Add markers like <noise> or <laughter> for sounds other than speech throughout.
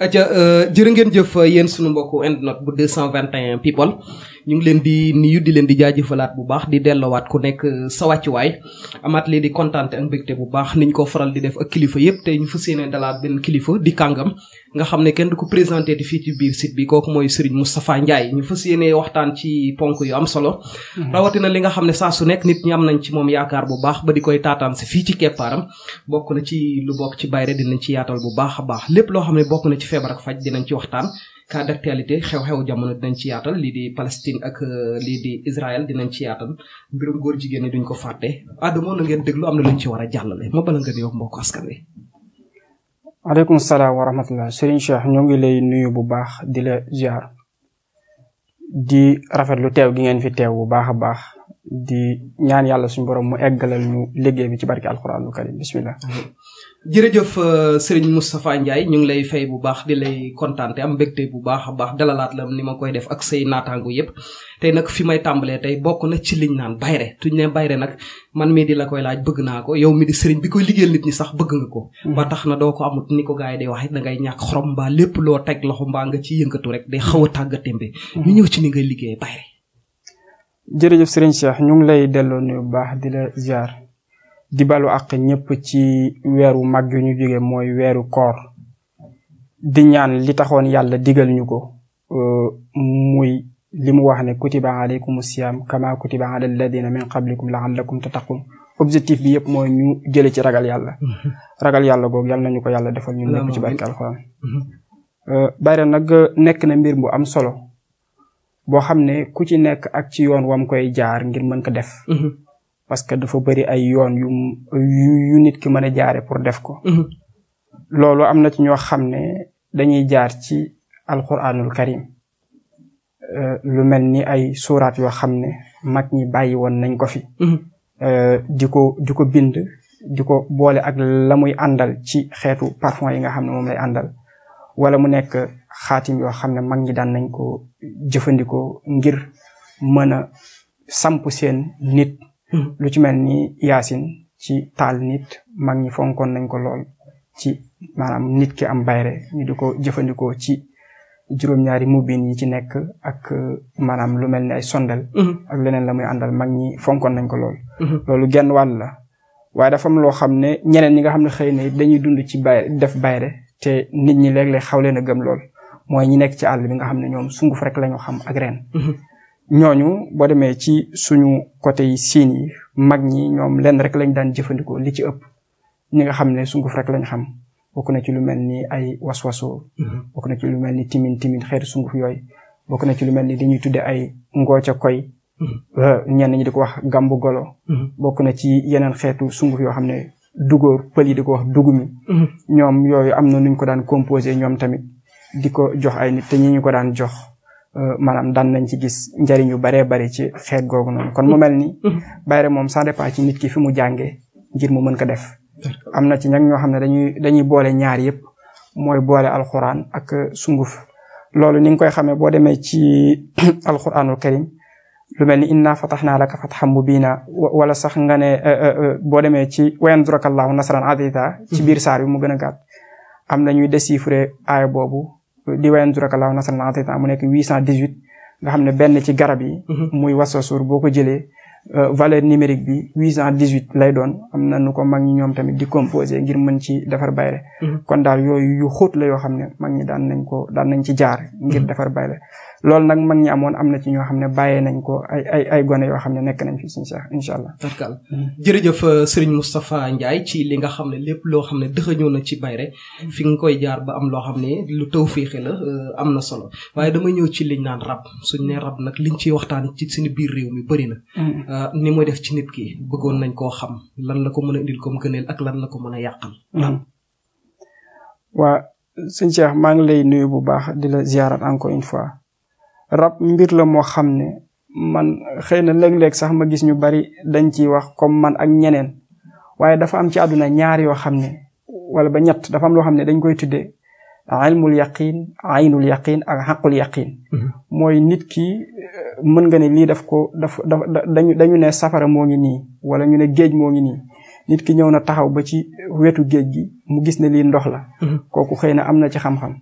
aja euh, jërë ngeen jëf yéen sunu mbokku Indnote bu 221 people ñu ngi leen di nuyu di leen di jaajëfalaat bu baax di delloowaat ku nekk uh, sa wàccuwaay amaat leen di kontaante ak mbégte bu baax niñ ko faral di def ak kilifa yëpp tey ñu fas yéene dalaat benn kilifa di kàngam nga xam ne kenn du ko présenté di fii ci biir site bi kooku mooy Serigne Moustapha Ndiaye ñu fas yéene waxtaan ci ponk yu am solo mhm. rawatina li nga xam ne saa su nekk nit ñi nañ ci moom yaakaar bu baax ba di koy taataan si fii ci keppaaram bokk na ci lu bokk ci bayre dinañ ci yaatal bu baax a baax lépp loo xam ne bokk na ci feebar ak dinañ ci waxtaan cas d'actualité xew-xew jamono dinañ ci yaatal lii di Palestine ak euh, lii di Israël dinañ ci yaatal mbirum góor jigéen ñi duñ ko fàtte Adamo na ngeen déglu am na luñ ci war a jàllale ma bala nga nuyoo mbokk askan wi. aleykum salaam wa rahmatullah Serigne ñoo ngi lay nuyu bu baax di la ziar di rafetlu teew gi ngeen fi teew bu baax a baax. di ñaan yàlla suñ borom mu eggalal ñu liggéey bi ci barke alxuraanul karim bismillah jërëjëf euh, sëriñ Moustapha Ndiaye ñu ngi lay fay bu baax di lay kontaan te am mbégte bu baax a baax dalalaat la ni ma koy def ak say naataango yépp tey nag fi may tàmbalee tey bokk na ci liñ naan bayre tuñ ne bayre nag man mii di la koy laaj bëgg naa ko yow mi di sëriñ bi koy liggéeyal nit ñi sax bëgg nga ko hmm. ba tax na doo ko amut ni ko gars yi day wax da ngay ñàkk xorom mbaa lépp loo teg loxo mbaa nga ci yënkatu rek day xaw a tàggatémbe hmm. ñu ñëw ci ni ngay liggéey bayre jërëjëf sëriñ Cheikh ñu ngi lay delloo nuyu bu baax di la ziar di balu àq ñëpp ci weeru mag yu ñu jóge mooy weeru koor di ñaan li taxoon yàlla digal ñu ko euh, muy li mu wax ne kutiba alaykum siyam kama kutiba ala alladina min qablikum laallakum tattaqun objectif bi yëpp mooy ñu jële ci ragal yàlla <laughs> ragal yàlla googu yàlla nañu ko yàlla defal ñu nekk ci barke alxuraan <laughs> euh, bayre nag nekk na mbir bu am solo boo xam ne ku ci nekk ak ci yoon wam koy jaar ngir mën ko def. Mhm. parce que dafa bëri ay yoon yu yu nit ki mën a jaare pour def ko. Mhm. loolu am na ci ñoo xam ne dañuy jaar ci alquranul karim euh, lu mel ni ay suuraat yoo xam ne mag ñi bàyyi woon nañ ko fi. Mhm. Euh, di ko di ko bind di ko boole ak la muy àndal ci xeetu parfum yi nga xam ne moom lay àndal wala mu nekk xaatim yoo xam ne mag ñi daan nañ ko. jëfandikoo ngir mën a samp seen nit. Hmm. lu ci mel ni yaasin ci taal nit mag ñi fonkoon nañ ko lool ci maanaam nit ki am bayre ñu di ko jëfandikoo ci juróom-ñaari mubin yi ci nekk ak uh, maanaam lu mel ni ay sondel hmm. ak leneen la muy àndal mag ñi fonkoon nañ ko lool. Hmm. loolu genn wàll la waaye dafa am loo xam ne ñeneen ñi nga xam ne xëy na dañuy dund ci bay def bayre te nit ñi léeg-léeg xaw leen a gëm lool. mooy ñi nekk ci àll bi nga xam ne ñoom sunguf rek la ñu xam ak reen. Mhm. ñooñu boo demee ci suñu côté yi siin yi mag ñi ñoom lenn rek lañ daan jëfandikoo li ci ëpp ñi nga xam ne sunguf rek lañ xam bokk na ci lu mel ni ay waswaso. Mhm. bokk na ci lu mel ni timin timin xeet sunguf yooyu bokk na ci lu mel ni li ñuy tuddee ay ngooca koy. Mhm. ñenn ñi di ko wax gambu golo. bokk na ci yeneen xeetu sunguf yoo xam ne dugóor pël yi di ko wax dugumi. ñoom yooyu am na nuñ ko daan composé ñoom tamit. di ko jox ay nit te ñi ñu ko daan jox euh, maanaam daan nañ ci gis njariñ yu baree bari ci xeet googu noonu kon mu mel ni mm-hmm. bayre moom ça dépend ci nit ki fi mu jàngee ngir mu mën ko def am na ci ñag ñoo xam ne dañuy dañuy boole ñaar yëpp mooy boole alxuraan ak sunguf loolu ni nga koy xamee boo demee ci <clears throat> alxuraanul karim lu mel ni naa inna fataxnaa xam fatxan mubiina wala sax nga ne euh, euh, boo demee ci wayandurakallaahu nasran adita ci mm-hmm. biir saar bi mu gën a gàtt am na ñuy déchiffrer boobu li wayen durakalaw nasan ataytan mu nekk huit cent dix-huit nga xam ne benn ci garab yi mhm. muy wasasur boo ko jëlee euh, valeur numérique bi huit cent dix-huit lay doon am na nu ko mag ñi ñoom tamit di composé ngir man ci defar bayle mhm. kon daal yooyu yu xóot la yoo xam ne mag ñi daan nañ ko daan nañ ci jaar ngir mhm. defar bayle loolu nag mag ñi amoon am na ci ñoo xam ne bàyyee nañ ko ay ay ay gone yoo xam ne nekk nañ fi suñu seex incha allah. tarkal jërëjëf euh, Serigne Moustapha Ndiaye ci li nga xam ne lépp loo xam ne dëxëñoo na ci bayre fi nga koy jaar ba am loo xam ne lu taw féexe la euh, am na solo waaye dama ñëw ci liñ naan rab suñ ne rab nag liñ ciy waxtaan ci suñu biir réew mi bëri na. Mm. Euh, ni muy def ci nit ki bëggoon nañ koo xam lan la ko mën a indil comme gëneel ak lan la ko mën a yàqal. Mm. waa sëñ Cheikh maa ngi lay nuyu bu baax di la ziarat encore une fois. rab mbir la moo xam ne man xëy na léeg-léeg sax ma gis ñu bari dañ ciy wax comme man ak ñeneen waaye dafa am ci àdduna ñaar yoo xam ne wala ba ñett dafa am loo xam ne dañ koy tuddee ilmul yaqin aynul yaqin ak xaqul yaqin mhm. mooy nit ki euh, mën nga ne lii daf ko daf daf dañu ne safara moo ngi nii wala ñu ne géej moo ngi nii nit ki ñëw na taxaw ba ci wetu géej gi mu gis ne lii ndox la mhm. kooku xëy na am na ci xam-xam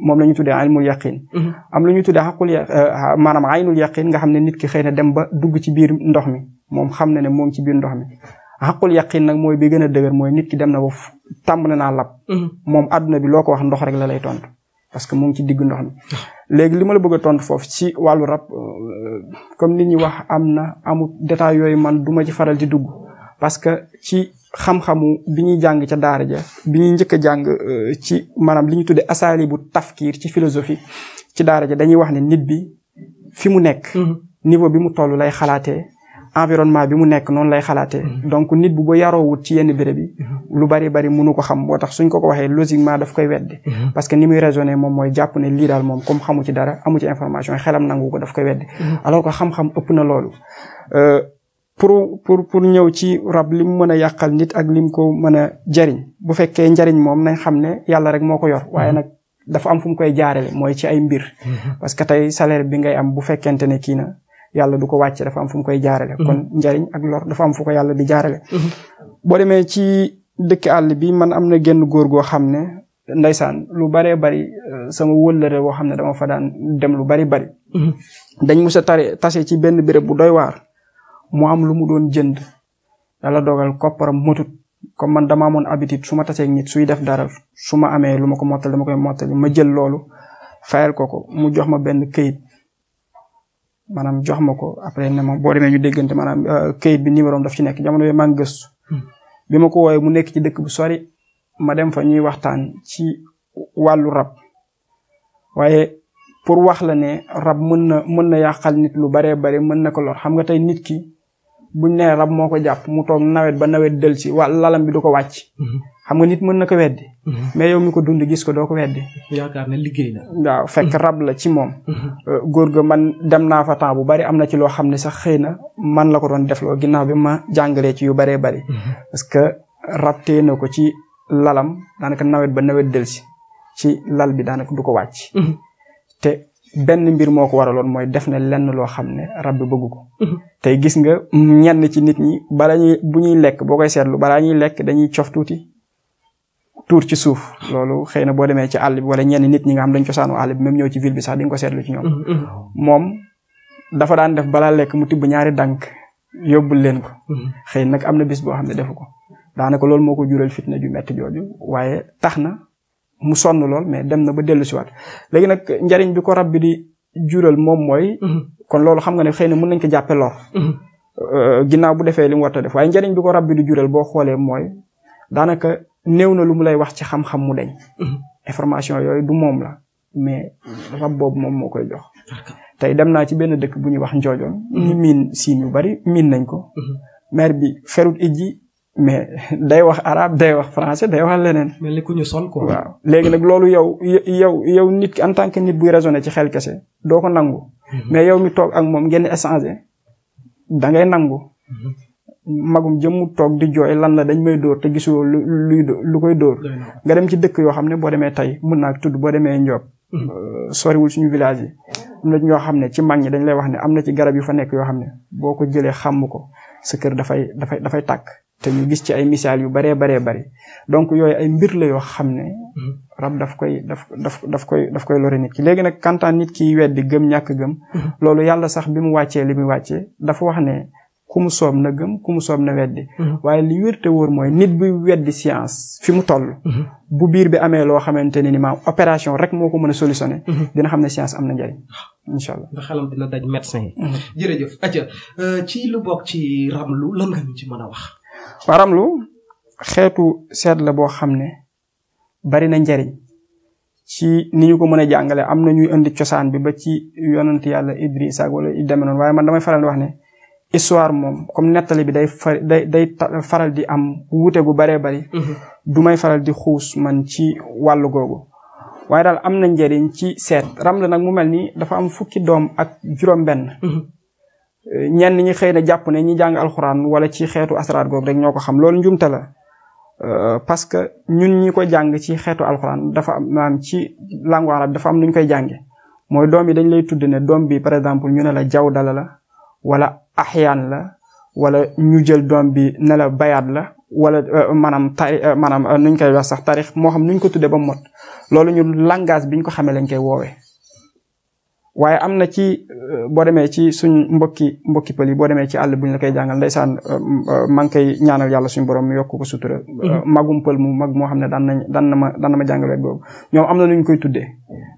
moom la ñu tuddee ilmul yaqin mhm. am lu ñu tuddee xaqul euh, maanaam aynul yaqin nga xam ne nit ki xëy na dem ba dugg ci biir ndox mi moom xam na ne moom ci biir ndox mi xaqul yaqin nag mooy bi gën a dëgër mooy nit ki dem na ba tàmm na naa lab mhm. moom àdduna bi loo ko wax ndox rek la lay tontu parce que mu ngi ci diggu ndox mi léegi li ma la bëgg a tontu foofu ci wàllu rab euh, comme nit ñi wax am na amut détail yooyu man duma ci faral di dugg parce que ci xam-xamu bi ñuy jàng ca daara ja bi ñuy njëkk jàng euh, ci maanaam li ñu tuddee asaali bu tafkiir ci philosophie ci daara ja dañuy wax ne nit bi fi mu nekk. Mhm. niveau bi mu toll lay xalaatee environnement bi mu nekk noonu lay xalaatee. Mhm. donc nit bu ba yaroowut ci yenn béréb mhm. lu bari bari mënu ko xam boo tax suñ ko ko waxee logiquement daf koy weddi. parce que ni muy raisonné moom mooy jàpp ne lii daal moom comme xamu ci dara amu ci information xelam nangu ko daf koy weddi. alors que xam pour pour pour ñëw ci rab lim mën a yàqal nit ak lim ko mën a jariñ bu fekkee njariñ moom nañ xam ne yàlla rek moo ko yor waaye nag dafa am fu mu koy jaarale mooy ci ay mbir. Mm-hmm. parce que tey salaire bi ngay am bu fekkente ne kii na yàlla du ko wàcce dafa am fu mu koy jaarale. Mm-hmm. kon njariñ ak lor dafa am fu ko yàlla di jaarale. Mm-hmm. boo demee ci dëkk àll bi man am na genn góor goo xam ne ndaysaan lu baree bari euh, sama wëllëre boo xam ne dama fa dem lu bari bari. dañ mus a tare tase ci benn béréb bu doy waar. mu am lu mu doon jënd dala dogal kopparam motut comme man dama amoon habitude su ma taseeg nit suy def dara su ma amee lu ma ko mottali dama koy mottali ma jël loolu fayal ko ko mu jox ma benn këyit maanaam jox ma ko après ne ma boo demee ñu déggante maanaam euh, këyit bi numéro daf ci nekk jamono yooyu maa ngi hmm. bi ma ko woowee mu nekk ci dëkk bu sori ma dem fa ñuy waxtaan ci wàllu rab waaye pour wax la ne rab mën na mën na yàqal nit lu baree bare mën na ko lor xam nga tey nit ki. buñ nee rab moo ko jàpp mu toog nawet ba nawet dël si lalam bi du ko wàcc. Mhm. xam nga nit mën na ko weddi. Mhm. mais yow mi ko dund gis ko doo ko weddi. yaakaar ne liggéey la. waaw fekk mhm. rab la ci moom. Euh, góor ga man dem naa fa temps bu bari am na ci loo xam ne sax xëy na man la ko doon defloo ginnaaw bi ma jàngalee ci yu baree bari. parce que rab téye na ko ci lalam daanaka nawet ba nawet dël si ci lal bi daanaka du ko wàcc. te benn mbir moo ko waraloon mooy def na lenn loo xam ne rab bi bëgg ko. Mhm. tey gis nga ñenn ci nit ñi bala ñuy bu ñuy lekk boo koy seetlu balaa ñuy lekk dañuy cof tuuti tuur ci suuf loolu xëy na boo demee ci àll bi wala ñenn nit ñi nga xam dañ cosaanu àll bi même ñëw ci ville bi sax di nga ko seetlu ci ñoom. Mhm, mhm. moom dafa daan def balaa lekk mu tibb ñaari dànk yóbbu leen ko. xëy nag am na bis boo xam ne defu ko daanaka loolu moo ko jural fitna ju metti jooju waaye tax na. mu sonn lool mais dem na ba dellu si waat léegi nag njariñ bi ko rab di jural moom mooy. Mhm. kon loolu xam nga ne xëy na mën nañ ko jàppe lor. Mhm. Euh, ginnaaw bu defee li mu war a def waaye njariñ bi ko rabbi di jural boo xoolee mooy daanaka néew na lu mu lay wax ci xam-xam mu deñ mhm. information yooyu du moom la mais rab boobu moom moo koy jox. tey dem naa ci benn dëkk bu ñuy wax njoojoon. ñu miin siin yu bari miin nañ ko. maire bi ferut ijji mais day wax arabe day wax français day wax leneen. mel ni ñu sol quoi. léegi nag loolu yow yow yow nit ki en tant que nit buy raisonné ci xel kese doo ko nangu. Mhm. mais yow mi toog ak moom ngeen échanger da ngay nangu. Mhm. magum jëmm toog di jooy lan la dañ may door te gisu lu luy lu koy dóor. nga dem ci dëkk yoo xam ne boo demee tey mun naa tudd boo demee Ndiob. Mhm. Euh, soriwul suñu village yi. am na ñoo xam ne ci mag ñi dañ lay wax ne am na ci garab yu fa nekk yoo xam ne boo ko jëlee xàmm ko sa kër dafay dafay dafay tàkk. te ñu gis ci ay misaal yu baree baree bari donc yooyu ay mbir la yoo xam ne hmm. rab daf koy daf daf daf koy daf koy lore nit ki léegi nag kantaan nit ki weddi gëm ñàkk gëm hmm. loolu yàlla sax bi mu wàccee li muy wàccee dafa wax ne ku mu soob na gëm ku mu soob na weddi hmm. waaye li wér te mooy nit bi weddi science fi mu toll bu biir bi amee loo xamante ne ni maam opération rek moo ko mën a solutionné dina xam ne science am na njëriñ incha allah ndax xelam dina daj médecin yi jërëjëf aja euh, ci lu bokk waa ramlu xeetu seet la boo xam ne bari na njariñ ci ni ñu ko mën a jàngale am na ñuy indi cosaan bi ba ci yonent yàlla Idris ak wala i demee noonu waaye man damay faral di wax ne histoire moom comme nettali bi day far day faral di am wuute gu baree bari mhm. du may faral di xuus man ci wàll googu waaye daal am na njariñ ci seet ramlu nag mu mel ni dafa am fukki doom ak juróom benn mhm. ñenn ñi xëy na jàpp ne ñi jàng alxuraan wala ci xeetu asraar goog rek ñoo ko xam loolu njumte la euh, parce que ñun ñi ko jàng ci xeetu alxuraan dafa am maanaam ci langue dafa am lu koy jànge mooy doom yi dañ lay tudd ne doom bi par exemple ñu ne la jawdala la wala axyaan la wala ñu jël doom bi ne bayaat la wala euh, maanaam tari euh, maanaam nuñ koy wax sax tarix moo xam nuñ ko tuddee ba mot loolu ñu langage biñ ko xamee lañ koy woowee waaye am na ci euh, boo demee ci suñ mbokki mbokki pël yi boo demee ci àll buñ la koy jàngal ndeysaan euh, euh, maa ngi koy ñaanal yàlla suñu borom yokk ko sutura. Mhm. magum pël mu mag moo xam ne daan nañ daan na ma daan ma jàngal wet boobu ñoom am na nu ñu koy tuddee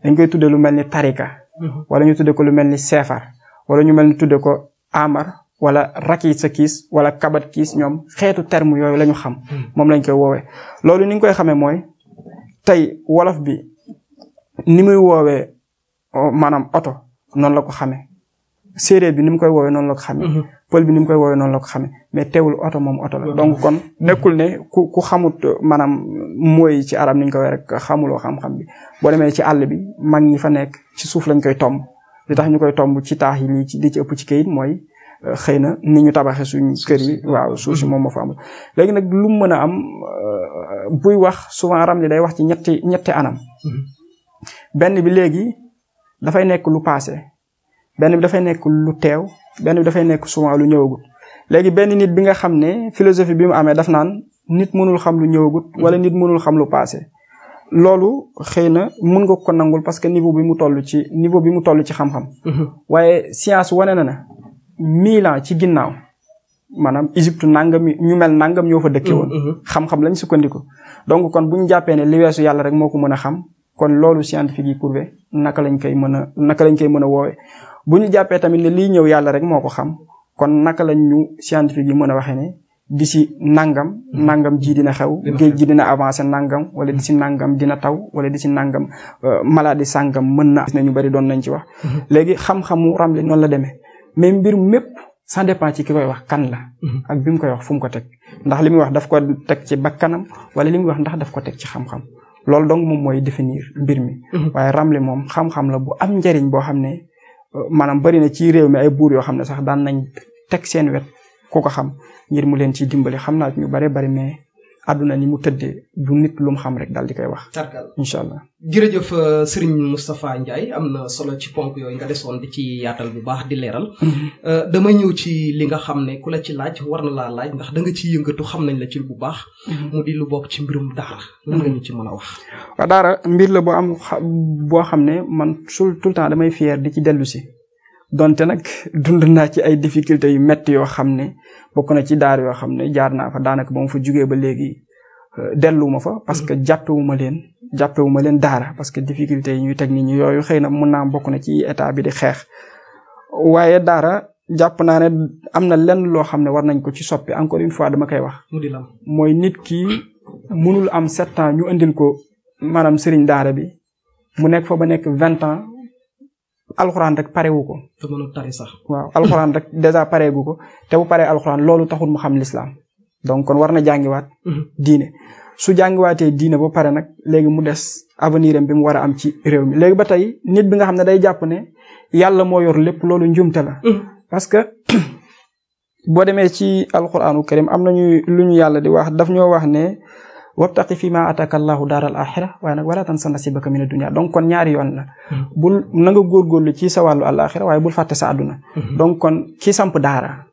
dañ koy tuddee lu mel ni tarika. Mhm. wala ñu tuddee ko lu mel ni seefar wala ñu mel ni tuddee ko amar wala raki sa kiis wala kabat kiis ñoom xeetu terme yooyu lañu ñu xam. Mhm. moom lañ koy woowee loolu ni ñu koy xamee mooy tey wolof bi ni muy woowee. Oh, maanaam oto noonu la ko xamee séeréer bi nu mu koy woowee noonu la ko xamee. Mm-hmm. bi ni mu koy woowee noonu ko xamee mais teewul oto moom oto la. donc kon mm-hmm. nekkul ne ku ku xamut euh, maanaam mooy ci arab ni ñu koy rek xamuloo xam-xam bi boo demee ci àll bi mag ñi fa nekk ci suuf lañ koy tomb li tax ñu koy tomb ci taax yi lii ci li ci ëpp ci kayit mooy. Euh, xëy na ni ñu tabaxee suñu kër yi waaw suuf si mm-hmm. moom ma fa amul léegi nag lu mu mën a am euh, buy wax souvent Ramli day wax ci ñetti ñetti anam benn bi léegi dafay nekk lu passé benn bi dafay nekk lu teew benn bi dafay nekk souvent lu ñëwagul léegi benn nit bi nga xam ne philosophie bi mu amee daf naan nit mënul xam lu ñëwagut wala nit mënul xam lu passé loolu xëy na mën nga ko nangul parce que niveau bi mu toll ci niveau bi mu toll ci xam-xam. Mhm. waaye science wane na na mille ans ci ginnaaw maanaam Égypte nangam ñu mel nangam ñoo fa dëkkee mhm, woon. Mhm. xam-xam lañ sukkandiku donc kon bu ñu jàppee li weesu yàlla rek moo ko mën a xam. kon loolu scientifique yi prouvé naka lañ koy mën a naka lañ koy mën a woowee bu ñu jàppee tamit ne lii ñëw yàlla rek moo ko xam kon naka lañ ñu scientifique yi mën a waxee ne d'ici nangam hmm. nangam ji dina xew géej gi dina avancé nangam wala d'ici nangam dina taw wala d'ici nangam euh, maladie sangam mën na nañu bari doon nañ ci wax hmm. léegi xam-xamu ramli noonu la demee mais mbir mépp ça dépend ci ki koy wax kan la hmm. ak bi mu koy wax fu mu ko teg ndax li muy wax daf ko teg ci bakkanam wala li muy wax ndax daf ko teg ci xam loolu donc moom mooy définir mbir mi. Mhm. waaye Ramli moom xam-xam la bu am njariñ boo xam ne euh, maanaam bari na ci réew mi ay buur yoo xam ne sax daan nañ teg seen wet ku ko xam ngir mu leen ciy dimbali xam naat ñu bare bari mais. àdduna ni mu tëddee du nit lu xam rek daal di koy wax. tarkal incha allah. jërëjëf euh, Serigne Moustapha Ndiaye am na solo ci ponk yooyu nga desoon di ci yaatal bu baax di leeral. Mhm. Euh, damay ñëw ci li nga xam ne ku la ci laaj war na laa laaj ndax danga nga ci yëngatu xam nañ la ci bu baax. Mhm. mu di lu bokk ci mbirum daara. lan nga mhm. ñu ci mën a wax. waaw daara mbir la boo am boo xam ne man tout le temps damay fier di ci dellu si donte nag dund naa ci ay difficultés yu métti yoo xam ne. bokk na ci daar yoo xam ne jaar naa fa daanaka ba ma fa jugee ba léegi euh, delluwuma fa parce que jàppewuma leen jàppewuma leen daara parce que difficulté yi ñuy teg nit ñi yooyu xëy na mun naa bokk na ci état bi di xeex waaye daara jàpp naa ne am na lenn loo xam ne war nañ ko ci soppi encore une fois dama koy wax mooy nit ki mënul am sept ñu indil ko maanaam sëriñ daara bi mu nekk fa ba nekk vingt ans alxuraan rek parewu ko. te mën a sax. waaw rek dèjà pareegu ko te bu paree alxuraan loolu taxul mu xam lislaam donc kon war na jàngiwaat. Mhm. diine su jàngiwaatee diine ba pare nag léegi mu des avenir am bi mu war a am ci réew mi léegi ba tey nit bi nga xam ne day jàpp ne yàlla moo yor lépp loolu njumte la. Mhm. parce que <clears throat> boo demee ci alxuraanu karim am nañu lu ñu yàlla di wax daf ñoo wax ne. wabtaqi fi ma ataka allahu daaral axira waaye nag wala tansa nasibaka mina dunya donc kon ñaari yoon la hmm. bul na nga góorgóorlu ci sa wàllu alaxira waaye bul fàtte sa àdduna hmm. donc kon ki samp daara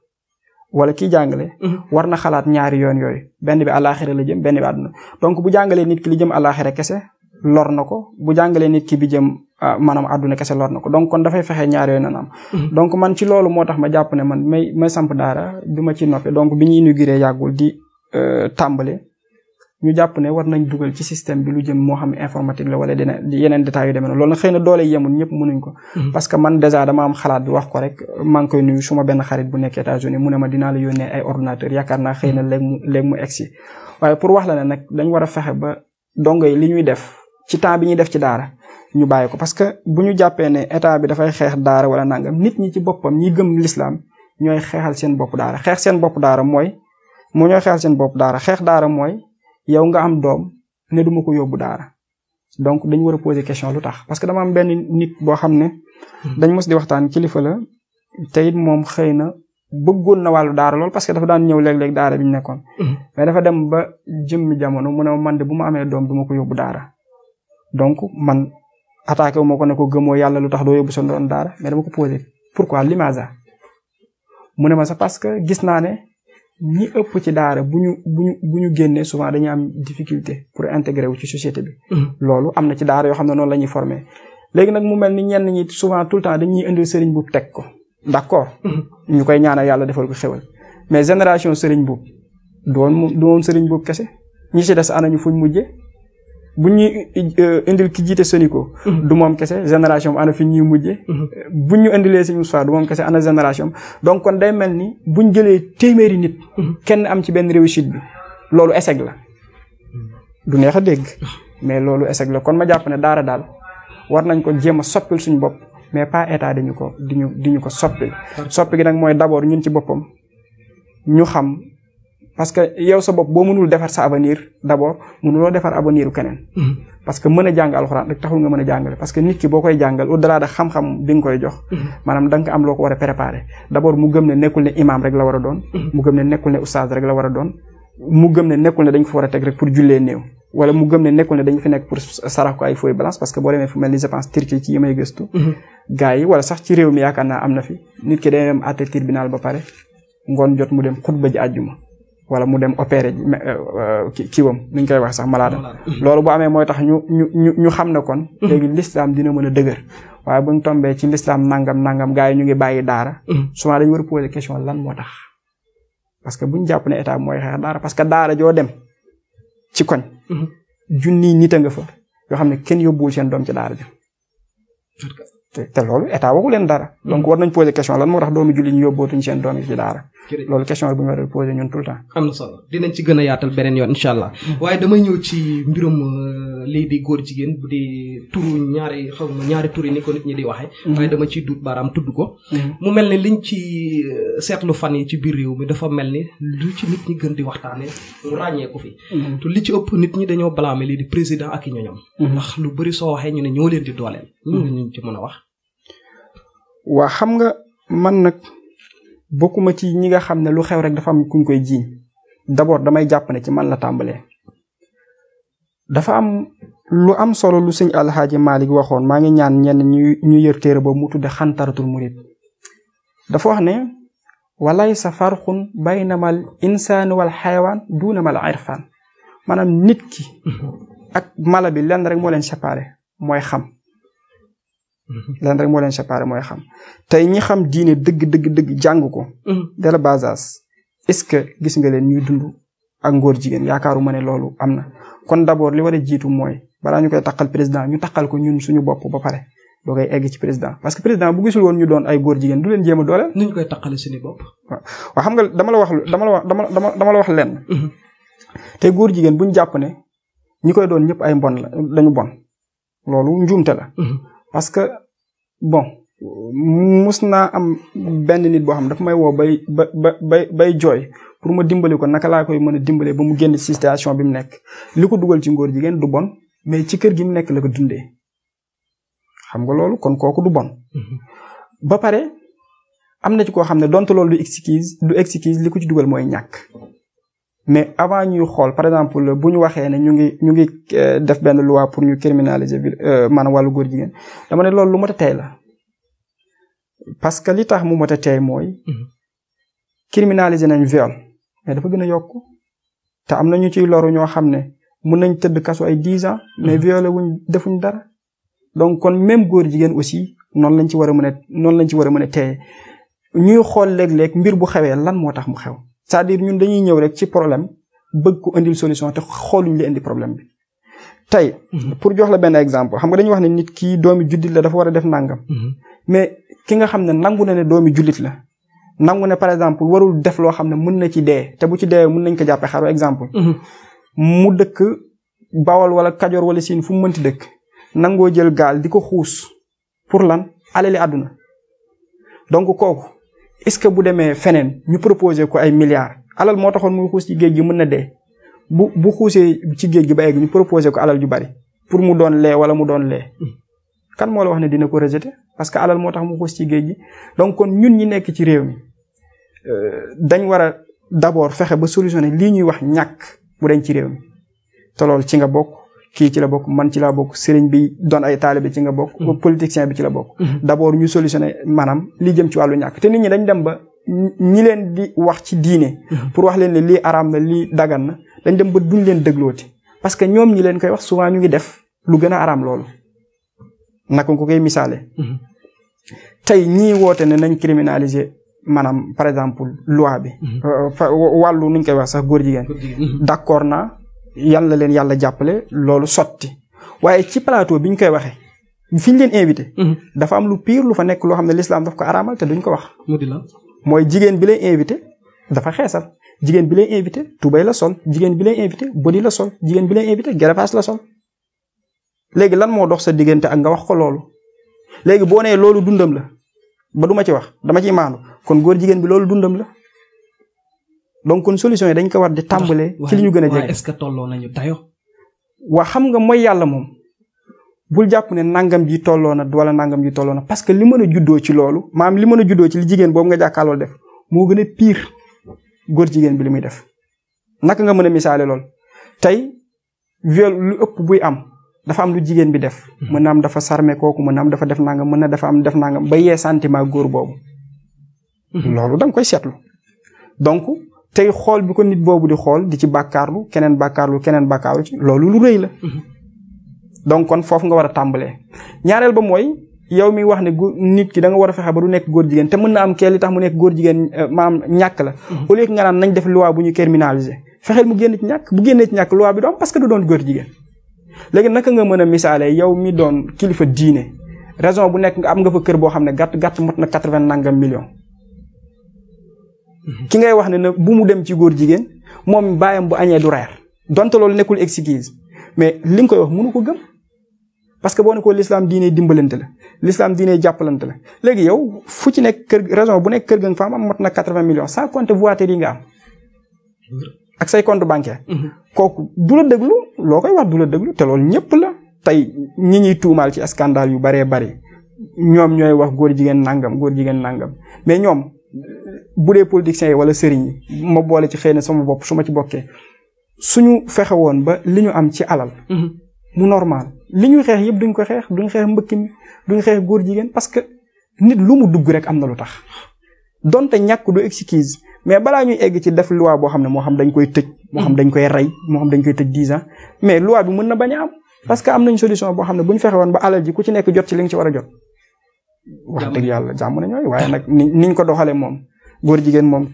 wala kii jàngale hmm. war na xalaat ñaari yoon yooyu benn bi alaxira la jëm benn bi àdduna donc bu jàngalee nit ki li jëm alaxira kese lor na ko bu jàngalee nit ki bi jëm ah, maanaam àdduna kese lor na ko donc kon dafay fexe ñaar yooyu na am donc man ci loolu moo tax ma jàpp ne man may may samp daara du ma ci noppe donc bi ñu inauguré yàggul di euh, tàmbale ñu jàpp ne war nañ dugal ci système bi lu jëm moo xam informatique la wala dina yeneen détails yu demee lool loolu nag xëy na doole yemul ñëpp mënuñ ko. Mm-hmm. parce que man dèjà dama am xalaat bi wax ko rek maa koy nuyu suma benn xarit bu nekk États-Unis mu ne ma dinaa la yónnee ay na mm-hmm. léegi mu mu egg si waaye pour wax la ne nag dañ war fexe ba dongo li ñuy def ci temps bi ñuy def ci daara. ñu bàyyi ko parce que bu ñu jàppee ne état bi dafay xeex daara wala nangam nit ñi ci boppam ñi gëm lislaam ñooy xeexal seen bopp daara xeex seen bopp daara mooy moo ñooy xeexal seen bopp daara xeex daara mooy yow nga am doom ne duma ko yóbbu daara donc dañu war a poser question lu tax parce que dama am benn nit boo xam ne dañ mos di waxtaan kilifa la tey it moom xëy na bëggoon na wàllu daara lool parce que dafa daan ñëw léeg-léeg daara bi ñu nekkoon mhm. mais dafa dem ba jëmmi jamono mu ne man de bu ma amee doom ma ko yóbbu daara donc man attaqué wu ma ko ne ko gëmoo yàlla lu tax doo yóbbu sa doon daara mais dama ko posé pourquoi limaza mu parce que gis naa ne ñi ëpp ci daara bu ñu bu ñu bu ñu génnee souvent dañuy am difficulté pour intégrer wu ci société bi. Mm-hmm. loolu am na ci daara yoo xam ne noonu la ñuy formé. léegi nag mu mel ni ñenn ñi souvent tout le temps dañuy indil sëriñ bu teg ko d'accord. Mm-hmm. ñu koy ñaanal yàlla defal ko xewal mais génération sëriñ boobu doon doon sëriñ boobu kese ñi ci des ana ñu fuñ mujjee. bu ñuy euh, indil ki jiite Senico. Mhm. du moom kese génération ana fi ñuy mujje mhm. bu ñu indilee Serigne Moustapha du moom kese ana génération donc kon day mel ni bu ñu jëlee téeméeri nit. Mhm. kenn am ci benn réussite bi loolu échec la du neex a dégg mais loolu échec la kon ma jàpp ne daara daal war nañ ko jéem a soppil suñu bopp mais pas état di ñu ko di ñu di ko soppil. soppi gi nag mooy d'abord ñun ci boppam ñu xam. parce que yow sa bopp boo mënul defar sa avenir d'abord mënuloo defar avenir u keneen. Hmm. parce que mën a jàng alxuraan rek taxul nga mën a jàngale parce que nit ki boo koy jàngal au delà de xam-xam bi nga koy jox. Hmm. maanaam da am loo ko a préparer d'abord mu gëm ne nekkul ne imam rek la war a doon. Hmm. mu gëm ne nekkul ne oustaz rek la a doon. mu gëm ne nekkul a teg rek pour jullee néew wala mu gëm ne nekkul ne dañ fi nekk pour sarax ko ay fooy balance parce que boo demee fu mel ni je pense Turquie ci yi may gëstu. gars yi wala sax dem àtte tribunal ba pare ngoon wala mu dem opéré euh, kiiwam nuñ koy wax sax malaadam mm-hmm. loolu bo amee mooy tax ñu ñu ñu xam ne kon mm-hmm. léegi lislaam dina mën a dëgër waaye bu buñ tombee ci lislaam nangam nangam gaa yi ñu ngi bàyyi daara mm-hmm. souvent dañu war a question lan moo tax parce que buñ jàpp ne état mooy xeex daara parce que daara joo dem ci koñ junni nit a nga fa yoo xam ne kenn yóbbuwul seen doom ci daara ja te loolu état waxu leen dara donc war nañ poser question lan moo tax doomi julli ñu yóbbootuñ seen doom yi ci daara loolu question bu ñu war a posé ñun tout gën a yaatal beneen yoon incha allah mm-hmm. waaye damay ñëw ci mbirum euh, lii di góor jigéen bu di turu ñaari xaw ñaari turu ni ko nit ñi di waxee. Mm-hmm. waaye dama ciy duut baaraam tudd ko. Mm-hmm. mu mel ni liñ ci euh, seetlu fan yi ci biir réew mi dafa mel ni lu ci nit ñi gën di waxtaanee mu ràññee fi. li ci ëpp nit ñi dañoo balaame lii di président ak i ñoñam. ndax lu bari soo waxee ñu ne ñoo leen di dooleel. ñu ci mën a wax. waa xam nga man nag. bokkuma ci ñi nga xam ne lu xew rek dafa am kuñ koy jiiñ d'abord damay jàpp ne ci man la tàmbalee dafa am lu am solo lu sëñ alxaaji Malick waxoon maa ngi ñaan ñenn ñu ñu yër téere ba mu tudde xantaratul murid dafa wax ne walay sa farxun baynamal insaan wal xayawaan duunamal irfaan maanaam nit ki ak mala bi lenn rek moo leen séparé mooy xam Mhm. leen rek moo leen séparé mooy xam tey ñi xam diine dëgg dëgg dëgg jàng ko. dès le bas est-ce que gis nga leen ñuy dund ak ngóor jigéen yaakaaruma ne loolu am na kon d'abord li war jiitu mooy balaa ñu koy taqal président ñu taqal ko ñun suñu bopp ba pare doo koy egg ci président parce que président bu gisul woon ñu doon ay góor jigéen du leen jéem a dooleel. nu ñu koy taqale suñu bopp. waaw waaw xam nga dama la wax dama la wax dama dama wax lenn. Mhm. tey góor jigéen bu ñu jàpp ne ñi koy doon ñëpp ay la dañu bon loolu njuumte la. Mhm. parce que bon mus naa am benn nit boo xam dafa may woo bay ba bay bay jooy pour ma dimbali ko naka laa koy mën a dimbalee ba mu génn situation bi mu nekk li ko dugal ci ngóor jigéen du bon mais ci kër gi mu nekk la ko dundee xam nga loolu kon kooku du bon. Mm-hmm. ba pare am na ci koo xam ne dont loolu du excuse du excuse li ko ci dugal mooy ñàkk. mais avant ñuy xool par exemple bu ñu waxee ne ñu ngi ñu ngi euh, def benn loi pour ñu criminaliser bi euh, maanaam wàllu góor jigéen dama ne loolu lu mot a tey la parce que li tax mu mot a tey mooy mhm. criminaliser nañ viol mais dafa gën a yokk te am na ñu ciy loru ñoo xam ne mun nañ tëdd kaso ay dix ans mais mhm. violé wuñ defuñ dara donc kon même góor jigéen aussi noonu lañ ci war a mën a noonu lañ ci war a mën a teye ñuy xool léeg-léeg mbir bu xewee lan moo tax mu xew cest à ñun dañuy ñëw rek ci problème bëgg ko indil solution te xooluñ li indi problème bi tey. Mhm. pour jox la benn exemple xam nga dañuy wax ne nit kii doomi jullit la dafa war a def nangam. Mhm. mais ki nga xam ne nangu na ne doomi jullit la. nangu ne par exemple warul def loo xam ne mën na ci dee te bu ci dee mën nañ ko jàppee xaru exemple. Mhm. mu dëkk Bawol wala Kajoor wala Siin fu mu mënti dëkk. nangoo jël gaal di ko xuus pour lan alali àdduna donc kooku. est-ce que bu demee feneen ñu proposé ko ay milliards alal moo taxoon muy xuus ci géej gi mën na dee bu bu xuusee ci géej gi ba egg ñu proposé ko alal ju bari pour mu doon lee wala mu doon lee kan moo la wax ne dina ko rejeté parce que alal moo tax mu xuus ci géej gi donc kon ñun ñi nekk ci réew mi euh, dañ war a d'abord fexe ba solutionné lii ñuy wax ñàkk mu dañ ci réew mi te ci nga bokk kii ci la bokk man ci la bokk sëriñ bi doon ay taalibe ci nga bokk. Mm-hmm. politicien bi ci la bokk. Mm-hmm. d' abord ñu solutionné maanaam li jëm ci wàllu ñàkk te nit ñi dañ dem ñi leen di wax ci diine. Mm-hmm. pour wax leen ne lii araam na lii dagan na dañ dem ba duñ leen déglooti parce que ñoom ñi leen koy wax souvent ñu ngi def lu gën a araam loolu naka ko koy misaale. tey ñii woote ne nañ criminaliser maanaam par exemple loi bi. Euh, wàllu nuñ koy wax sax góor jigéen. d' naa yàlla leen yàlla jàppale loolu sotti waaye ci palaato bi ñu koy waxee fi ñu leen invité. Mhm. dafa am lu piir lu fa nekk loo xam ne lislaam daf ko araamal te duñ ko wax. mooy jigéen bi lay invité dafa xeesal jigéen bi lay invité tubay la sol jigéen bi lay invité body la sol jigéen bi lay invité gerefaas la sol. léegi lan moo dox sa diggante ak nga wax ko loolu léegi boo nee loolu dundam la ba duma ci wax dama ciy maandu kon góor jigéen bi loolu dundam la. donc kon solution yi dañ ko war di tàmbalee. ci li ñu gën a jege est-ce que tolloo nañu tayo waa xam nga mooy yàlla moom bul jàpp ne nangam ji tolloo na wala nangam ji tolloona na que li mën a juddoo ci loolu maam li mën a juddoo ci li jigéen boobu nga jàkkaarlool def moo gën a pire góor jigéen bi li muy def naka nga mën a misaale lool tey viol lu ëpp buy am dafa am lu jigéen bi def. Hmm. mën na am dafa sarme kooku mën a am dafa def nangam mën a dafa am def nangam ba yee sentiment góor boobu. Hmm. loolu da koy seetlu donc. tey xool bi ko nit boobu di xool di ci bàkkaarlu keneen bàkkaarlu keneen bàkkaarlu ci loolu lu rëy la. Mm-hmm. donc kon foofu nga war a tàmbalee. ñaareel ba mooy yaw mi wax ne gu nit ki da nga war a fexe ba du nekk góor jigéen te mën na am kee li tax mu nekk góor jigéen euh, maam ñàkk la. Mm-hmm. au lieu que naan nañ def loi bu ñu criminaliser fexeel mu génn ci ñàkk bu génnee ci ñàkk loi bi du am parce que du doon góor jigéen. léegi naka nga mën a misaalee yow mi doon kilifa diine raison bu nekk nga am nga fa kër boo xam ne gàtt gàtt mot na quatre-vingt nangam million ki ngay wax ne na bu mu dem ci góor jigéen moom baayam bu añee du reer donte loolu nekkul excuse mais li nga koy wax mënu ko gëm parce que boo ne ko l'islam diine dimbalante la l'islam diine jàppalante la léegi yow fu ci nekk kër raison bu nekk kër ga nga am mat na quatre-vingts millions sans compter voitures yi nga am ak say compte bancaire kooku du la déglu loo koy wax du la déglu te loolu ñëpp la tey ñi ñuy tuumaal ci scandale yu baree bari ñoom ñooy wax góor jigéen nangam góor jigéen nangam mais ñoom bu dee politiciens yi wala sëriñ yi ma boole ci xëy na sama bopp su ci bokkee suñu fexe woon ba li ñu am ci alal. mu mhm. normal li ñuy xeex yëpp duñ ko xeex duñ xeex mbëkk mi duñ xeex góor jigéen parce que nit lu mu dugg rek am na lu tax donte ñàkk du excuse mais balaa ñuy egg ci def loi boo xam ne moo xam dañ koy tëj. moo xam mhm. dañ koy rey moo xam dañ koy tëj dix ans mais loi bi mën na bañ a am. parce que am nañ solution boo xam ne bu ñu fexe woon ba alal ji ku ci nekk a jot. góor jigéen moom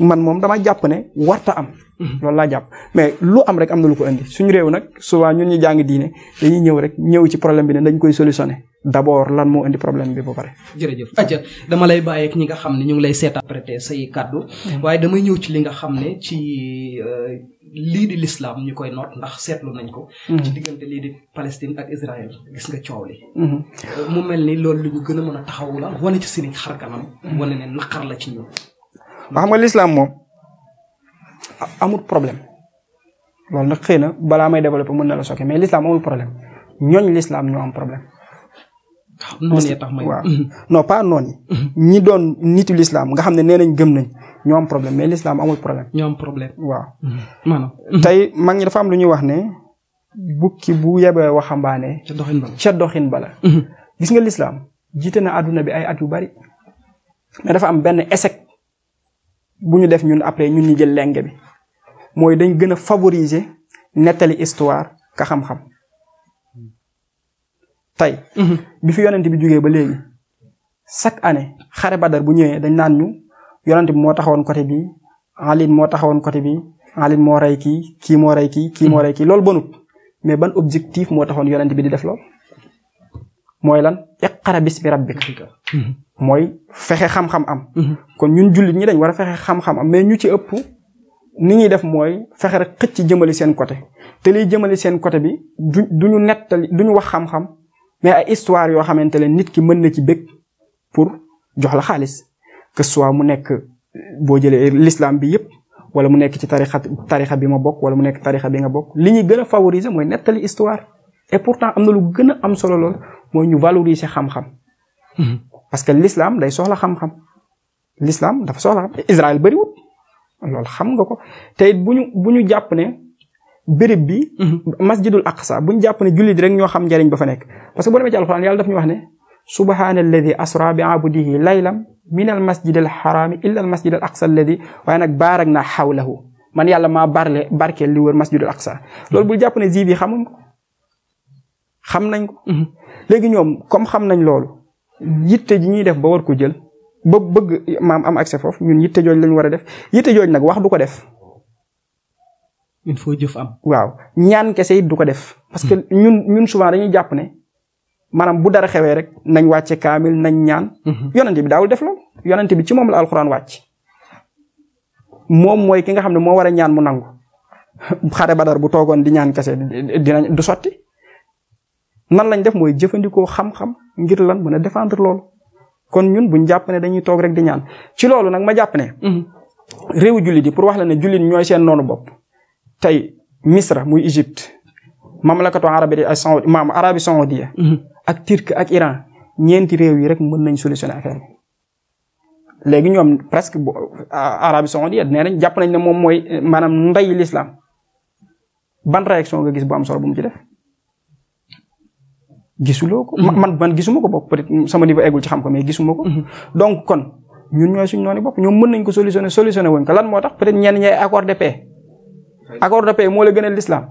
man moom dama jàpp ne warta am. Mhm. loolu laa jàpp mais lu am rek am na lu ko indi suñu réew nag souvent ñun ñu jàng diine dañuy ñëw rek ñëw ci problème bi ne dañ koy solutionné d'abord lan moo indi problème bi ba pare. jërëjëf acca dama lay bàyyi ñi nga xam ne ñu ngi lay seet. prêter say kàddu. Mhm. waaye damay ñëw ci li nga xam ne ci. Euh, lii di lislaam ñu koy noot ndax seetlu nañ ko. Mhm. ci diggante lii di Palestine ak Israël gis nga coow li. Mhm. Euh, mu mel ni lool li mu gën a mën a taxawu la wane ci seen i xar kanam. Mhm. wane ne naqar la ci ñun. xam nga lislaam moom amul problème loolu nag xëy na balaa may développé mën na la sokke mais lislaam amul problème ñooñ lislaam ñoo am problème. noonu yee tax may waaw noonu mm-hmm. mm-hmm. ñi doon nitu lislaam nga xam ne nee nañ gëm nañ ñoom problème mais lislaam amul problème. ñoo am problème waaw. Mm-hmm. tey mag ñi dafa am lu ñuy wax ne bukki bu yebee waxambaane. ca doxin bala ca doxin bala. gis nga lislaam jiite na àdduna bi ay at yu bari. mais dafa am benn échec bu ñu def ñun après ñun ñu jël lenge bi mooy dañ gën a favoriser nettali histoire ka xam-xam. tey. Mhm. bi fi yonent bi jógee ba léegi chaque année xare badar bu ñëwee dañ naan ñu yonent bi moo taxawoon côté bi Alioune moo taxawoon côté bi Alioune moo rey kii kii moo rey kii kii moo mhm. rey kii loolu bonut mais ban objectif moo taxoon yonent bi di def lool mooy lan iqra bismi rabbika mhm. mooy fexe xam-xam am. kon ñun jullit ñi dañ war a fexe xam-xam am mais ñu ci ëpp ni ñuy def mooy fexe rek xëcc jëmali seen côté te liy jëmali seen côté bi du du ñu nettali du ñu wax xam-xam. mais ay histoire yoo xamante ne nit ki mën na ci bëgg pour jox la xaalis que soit mu nekk boo jëlee l'islam bi yëpp wala mu nekk ci tarixa tarixa bi ma bokk wala mu nekk tarixa bi nga bokk li ñuy gën a favoriser mooy nettali histoire et pourtant am na lu gën a am solo lool mooy ñu valoriser xam-xam mhm. parce que l'islam day soxla xam-xam l'islam dafa soxla xam Israël bëriwul loolu xam nga ko te bu ñu jàpp ne béréb bi. Mhm. masjidul aqsa buñ jàpp ne jullit rek ñoo xam njariñ boo fa nekk. parce que boo demee ci alxuraan yàlla daf ñu wax ne. subhaana alladi asra bi abdihi laylam min al masjid al xaraami illa al masjid al aqsa alladi waaye nag baarak na xawlahu man yàlla maa barle barkeel li wër masjidul aqsa loolu bul jàpp ne ziib yi xamuñ ko xam nañ ko. Mhm. léegi ñoom comme xam nañ lool yitte ji ñuy def ba war ko jël ba bëgg maam am accès foofu ñun yitte jooj lañ war a def yitte jooj nag wax du ko def. il faut waaw ñaan kese it du ko def. parce que hmm. ñun ñun souvent dañuy jàpp ne maanaam bu dara xewee rek nañ wàcce kaamil nañ ñaan. Hmm. yonent bi daawul def loolu yonent bi ci moom la alxuraan wàcc moom mooy ki nga xam ne moo war ñaan mu nangu <laughs> xare badar bu toogoon di ñaan kese dinañ du sotti nan lañ def mooy jëfandikoo xam-xam ngir lan mën a défendre lool kon ñun buñ jàpp ne dañuy toog rek di ñaan ci loolu nag ma jàpp ne. Hmm. réewu jullit yi pour wax la ne jullit ñooy seen noonu bopp. tey misra muy Égypte mamlakatu arabi di ay saoudi maam arabi saoudia mhm. ak turc ak iran ñeenti réew yi rek mën nañ solutionné affaire bi ñoom presque arabi saoudia nee nañ jàpp nañ ne moom mooy maanaam ndey l'islam ban réaction nga gis bu am solo bu mu ci def gisuloo ko mhm. man man gisuma ko bopp peut-être sama ci xam ko mais gisuma ko mhm. donc kon ñun ñooy suñ noonu bopp ñoom mën ko solutionné solutionné wuñ ko lan moo tax peut-être ñenn ñay accord de paix accord de paix moo la gënal lislaam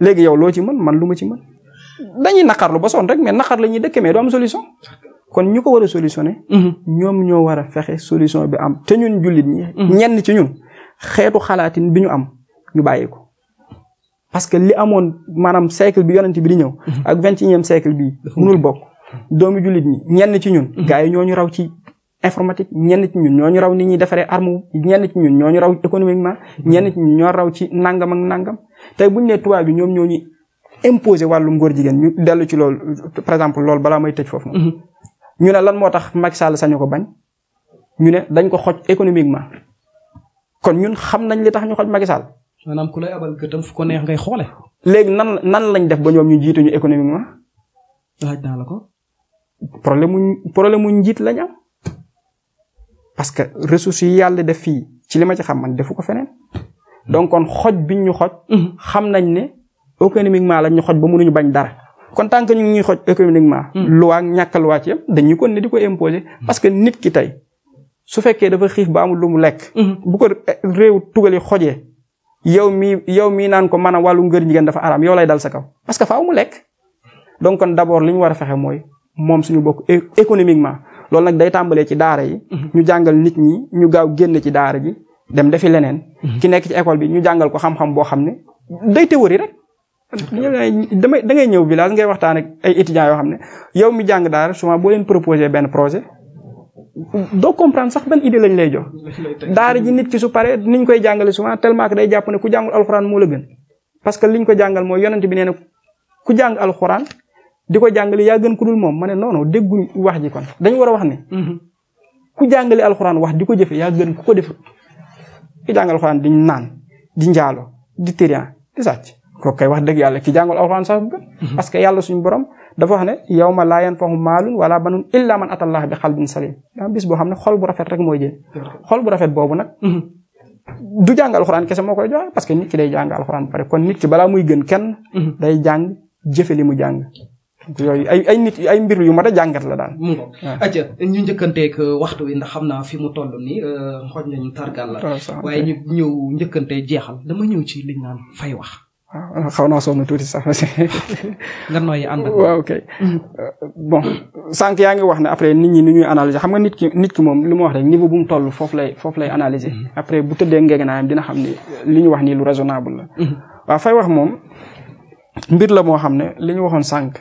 léegi yow loo ci man man lu ma ci mën dañuy naqarlu ba sonn rek mais naqar la ñuy dëkk mais du am solution kon ñi ko war a solutionné mhm. ñoom ñoo war a fexe solution bi am te ñun jullit ñi mhm. ñenn ci ñun xeetu xalaatin bi ñu am ñu bàyyi ko parce que li amoon maanaam siècle bi yonent bi di ñëw mhm. ak vingt et unième siècle bi mënul ci ñun gaa yi raw ci informatique ñenn ci ñun ñooñu raw ni ñuy defaree arme ñenn ci ñun ñooñu raw économiquement ñenn ci ñun ñoo raw ci nangam ak nangam tey buñ ne tubaab bi ñoom ñoo ñu imposé wàllum góor jigéen ñu dellu ci lool par exemple lool balaa may tëj foofu mm-hmm. ñu ne lan moo tax Macky Sall sañu ko bañ ñu ne dañ ko xooj économiquement kon ñun xam nañ li tax ñu xoj Macky Sall maanaam ku lay abal gëtam fu ko neex ngay xoole léegi nan nan lañ def ba ñoom ñu jiituñu économiquement laaj mu mu njiit lañ am parce que ressources yi yàlla def fii ci li ma ci xam man defu ko feneen donc kon xoj biñ ñu xoj. Mhm. xam nañ ne économiquement lañ ñu xoj ba mënuñu bañ dara. kon tant ñu ngi ñuy xoj économiquement. Mhm. loi ñàkk loi ci yam dañu ko ne di ko imposer. Mhm. parce que nit ki tey su fekkee dafa xiif ba amul lu mu lekk. bu ko réew tugal yi xojee yow mii yow mii naan ko maanaam wàllu ngër jigéen dafa araam yow lay dal sa kaw parce que faaw mu lekk donc kon d' abord li ñu war a fexe mooy moom suñu bokk économiquement. loolu nag day tàmbalee ci daara yi. Mhm. ñu jàngal nit ñi ñu gaaw génn ci daara ji dem defi leneen. Mhm. ki nekk ci école bi ñu jàngal ko xam-xam boo xam ne day théorie rek. damay da ngay ñëw village ngay waxtaan ak ay étudiants yoo xam ne yow mi jàng daara souvent boo leen proposé benn projet. doo comprendre sax ban idée lañ lay jox. daara ji nit ki su paree niñ koy jàngale souvent tellement que day jàpp ne ku jàngul alxuraan moo la gën. parce que liñ ko jàngal mooy yonent bi nee ku jàng alxuraan di ko jàngale yaa gën ku dul moom ma ne non non wax ji kon dañu war a wax ne. Mhm. ku jàngale alxuraan wax di ko jëfe yaa gën ku ko defut ki jàngal alxuraan di naan di njaalo di tiriyan di sàcc kooku kay wax dëgg yàlla ki jàngal alxuraan sax bu gën. Mhm. parce que yàlla suñu borom dafa wax ne yow ma laa yanfahu maalun wala banun illa man atallaah bi xalbin salim daa bis boo xam ne xol bu rafet rek mooy jël xol bu rafet boobu nag. Mhm. du jàng alxuraan kese moo koy joxe parce que nit ki day jàng alxuraan pare kon nit ki balaa muy gën kenn. day jàng jëfe li mu jàng. yooyu ay ay nit ay mbir yu ma a jàngat la daal. mu aja ah. ñu njëkkanteeg waxtu wi ndax xam naa fi mu toll nii euh, xooj nañu targal la. Ah, waaye ñu ñëw njëkkante jeexal dama ñëw ci li ñu naan wax. waaw ah, xaw tuuti sax parce <laughs> que. nga nooy ànd mm-hmm. euh, yaa ngi wax ne après nit ñi ni ñuy xam nga nit ki nit moom li ma wax rek niveau bu mu toll foofu lay foofu lay analyser. Mm-hmm. après bu tëddee ngeegnaayam dina xam ni li ñu wax nii lu raisonnable la. Mm-hmm. waaw fay wax moom mbir la moo xam ne li ñu waxoon sànq.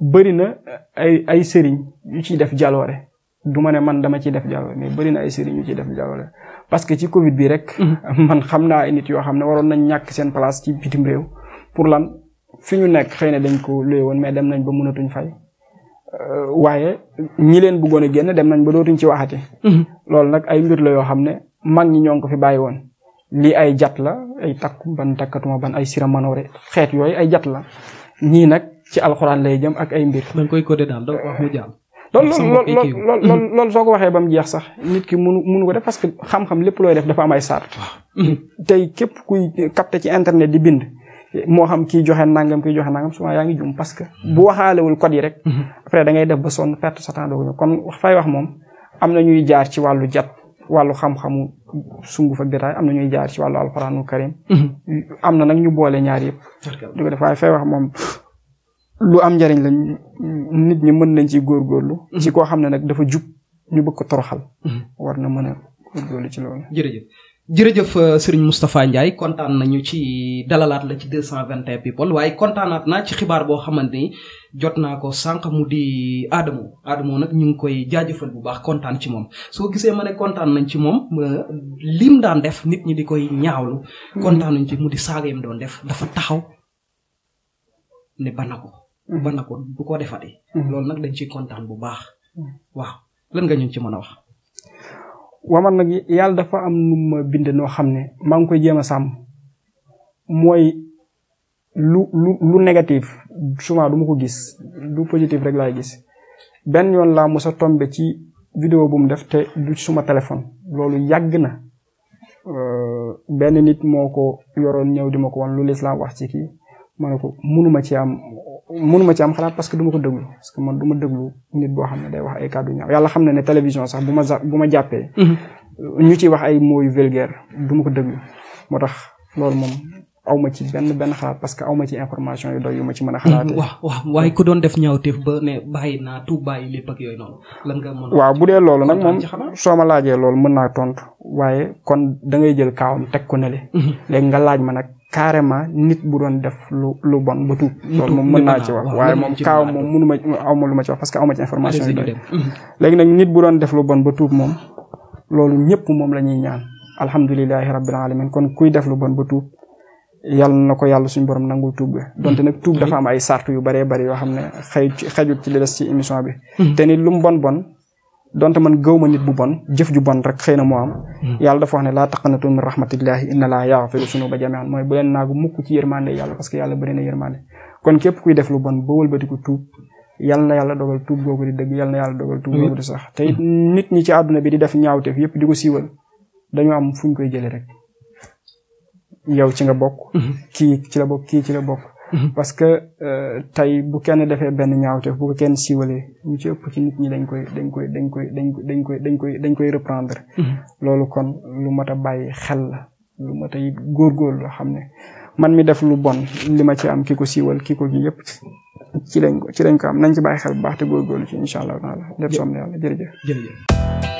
bëri na ay ay sëriñ yu ciy def jaloore du ma ne man dama ciy def jaloore mais bëri na ay sëriñ yu ciy def jaloore parce que ci Covid bii rek. Mhm. <laughs> man xam naa ay nit yoo xam ne waroon nañ ñàkk seen place ci bitim réew pour lan fi ñu nekk xëy na dañ ko luye woon mais dem nañ ba mënatuñ fay. Euh, waaye ñii leen bëggoon a génn dem nañ ba dootuñ ci waxati. Mhm. loolu nag ay mbir la yoo xam ne mag ñi ñoo ngi ko fi bàyyi woon. lii ay jat la ay takku ban takkatuma ban ay sira xeet yooyu ay jat la ñii nag ci alxuraan lay jëm ak ay mbir. da nga koy codé daal da soo ko waxee ba mu jeex sax nit ki mënu mënu ko def parce que xam-xam lépp looy def dafa am ay sart. tey këpp kuy capté ci internet di bind. moo xam kii joxe nangam kii joxe nangam souvent yaa ngi jum parce que bu waxaalewul code yi rek. Mhm. après da ngay def ba sonn perte sa temps doo ñëw kon wax fay wax moom am na ñuy jaar ci wàllu jat wallu xam-xamu sunguf ak détail am na ñuy jaar ci wàllu alxuraanu karim. Mhm. am na nag ñu boole ñaar yëpp. di lu am njariñ la nit ñi mën nañ ci góorgóorlu. Mm-hmm. ci koo xam ne nag dafa jub ñu bëgg ko toroxal. Mm-hmm. war na mën a góorgóorlu ci loolu. jërëjëf jërëjëf euh, sëriñ Moustapha Ndiaye kontaan nañu ci dalalaat la ci 221 people waaye kontaanaat naa ci xibaar boo xamante ni jot naa ko sànq mu di Adamo Adamo nag ñu ngi koy jaajëfal bu baax kontaan ci moom soo gisee ma ne kontaan nañ ci moom euh, mu daan def nit ñi di koy ñaawlu. Mm-hmm. kontaan nañ ci mu di saaga yam doon def dafa taxaw ne ba ko ba na ko du ko defati. Hmm. loolu nag dañ ciy kontaan bu baax. Hmm. waaw lan nga ci mën a wax. waaw man nag yàlla dafa am nu ma bind noo xam ne maa ngi koy jéem a sàmm mooy lu lu lu négatif souvent du ma ko gis lu positif rek laay gis benn yoon laa mos a tombé ci vidéo bu mu def te du suma téléphone loolu yàgg na. Euh, benn nit moo ko yoroon ñëw di ma ko wan lu lislaam wax ci kii ma ne ko mënuma ci am mënuma ci am xalaat parce que du ma ko déglu parce que man du ma nit boo xam ne day wax ay kàddu ñaaw yàlla xam na ne télévision sax bu ma bu ma jàppee. Mhm. ñu ciy wax ay mots yu vulgaire du ma ko déglu moo tax loolu moom. aw ma ci benn benn xalaat parce que aw ma ci information yu doy yu ma ci mën a xalaatee. waaw mhm, waaw waaye ku doon def ñaawteef ba ne bàyyi naa tout bàyyi lépp ak yooyu noonu waaw bu dee loolu nag moom soo ma laajee loolu mën naa tontu waaye kon da ngay jël kaawam teg ko ne le mhm. léegi ma nag carrément nit bu doon def lu lu bon ba tuub loolu moom mën naa ci wax waaye moom kaaw moom mënu ma aw ma ma ci wax parce que aw ma information yi doy mhm. léegi nag nit bu doon def lu bon ba tuub moom loolu ñëpp moom la ñuy ñaan alhamdulilahi rabbil alamin kon kuy def lu bon ba tuub yal na ko yàlla suñu borom nangul tuub ga mhm. donte nag tuub mhm. dafa am ay sart yu baree bari yoo xam ne xëy xëjut ci li des ci émission bi te nit bon bon donte man gëw ma nit bu bon jëf ju bon rek xëy na moo am hmm. yàlla dafa wax ne laa taqanatu min rahmatillahi inna laa na sunuba jamian mooy bu leen naagu mukk ci yërmande yàlla parce que yàlla bëri na yërmande kon képp kuy def lu bon ba wëlbatiku tuub yal na yàlla dogal tuub googu di dëgg yal na yàlla dogal tuub googu di sax te it nit ñi ci àdduna bi di def ñaawteef yépp di ko siiwal dañu am fu ñu koy jële rek yow ci nga bokk hmm. kii ci la bokk kii ci la bokk Mhm. parce que euh, tey bu kenn defee benn ñaawteef bu ko kenn siiwalee ñu ci ëpp ci nit ñi dañ koy dañ koy dañ koy dañ dañ koy dañ koy dañ koy reprendre. Mhm. loolu kon lu mat a bàyyi xel la lu mat góor góorgóorlu la xam ne man mi def lu bon li ma ci am ki ko siiwal ki ko gi yëpp. ci lañ ko ci lañ ko am nañ ci bàyyi xel bu baax te góorgóorlu ci incha allah taala lépp soom na